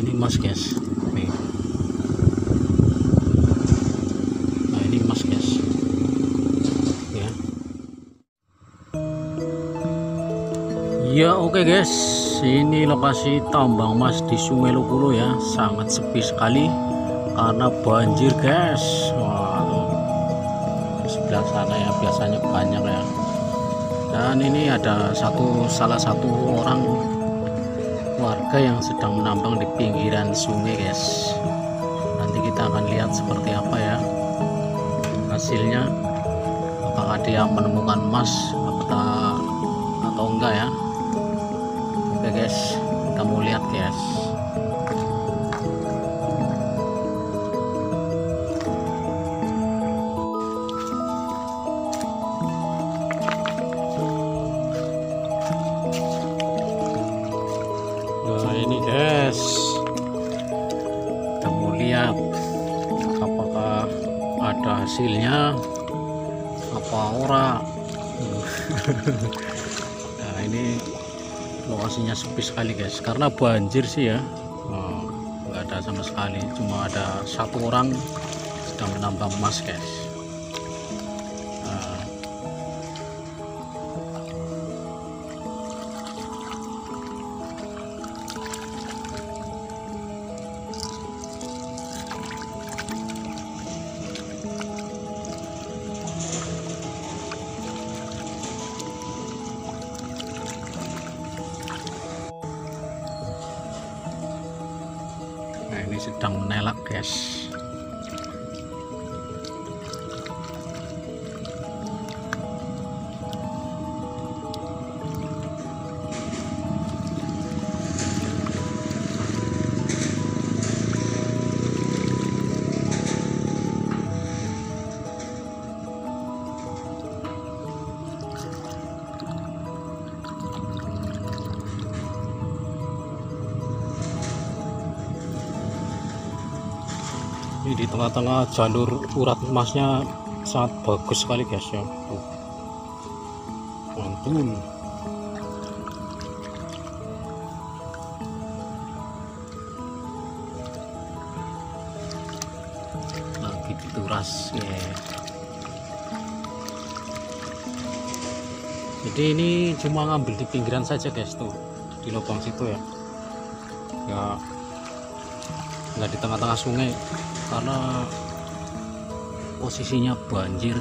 ini mas guys nah, ini emas guys ya ya oke okay guys ini lokasi tambang emas di sungai Lukulu ya sangat sepi sekali karena banjir guys Waduh, sebelah sana ya biasanya banyak ya dan ini ada satu salah satu orang warga yang sedang menambang di pinggiran sungai guys nanti kita akan lihat seperti apa ya hasilnya apakah dia menemukan emas atau enggak ya oke guys kita mau lihat guys lihat apakah ada hasilnya apa ora nah ini lokasinya sepi sekali guys karena banjir sih ya oh, nggak oh, ada sama sekali cuma ada satu orang sedang menambang emas guys sedang menelak guys ini di tengah-tengah jalur urat emasnya sangat bagus sekali guys ya tuh mantul lagi dituras ya jadi ini cuma ngambil di pinggiran saja guys tuh di lubang situ ya ya nggak di tengah-tengah sungai karena posisinya banjir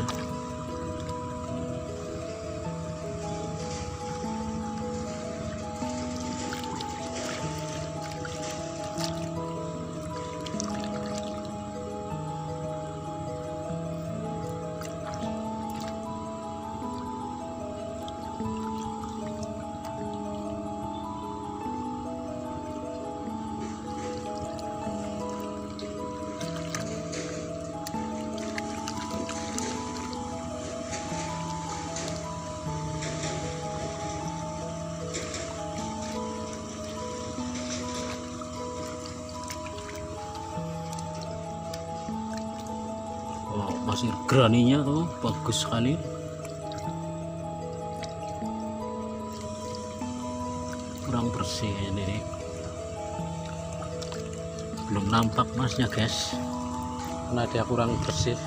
pasir graninya tuh bagus sekali kurang bersih ini belum nampak masnya guys karena dia kurang bersih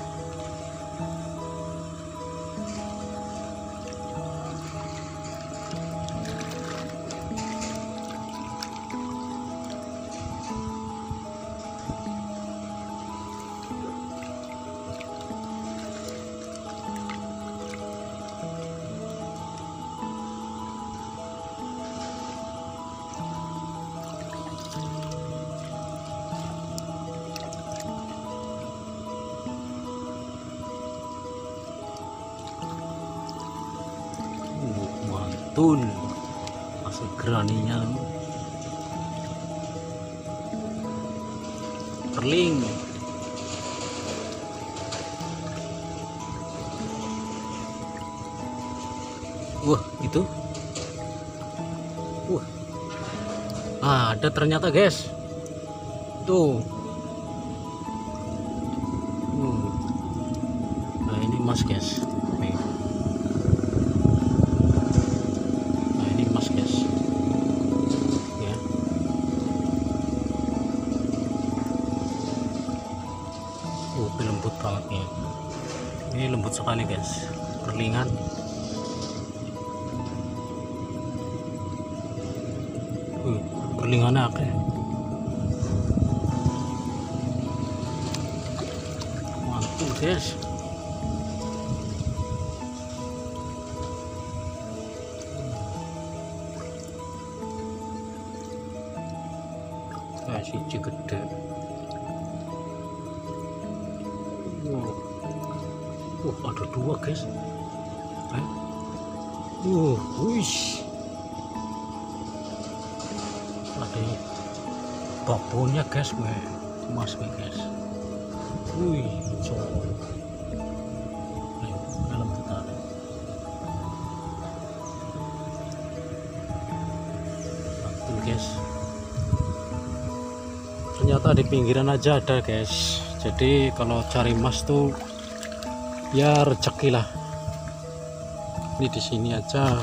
zaitun masih geraninya perling wah itu wah ada ternyata guys tuh nah, ini mas guys alatnya ini lembut sekali guys berlingan uh, berlingannya akeh mantul guys kasih gede Wah, ada dua, guys. Eh? Uh, wih. ada babonnya, guys, weh. Mas, weh, guys. Wih, cowok. Dalam guys. Ternyata di pinggiran aja ada, guys. Jadi kalau cari emas tuh ya rezeki lah ini di sini aja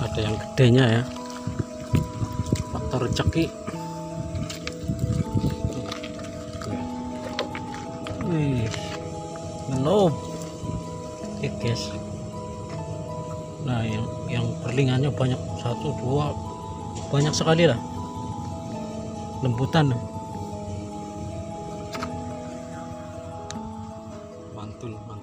ada yang gedenya ya faktor rezeki wih menup oke guys nah yang, yang perlingannya banyak satu dua banyak sekali lah lembutan mantul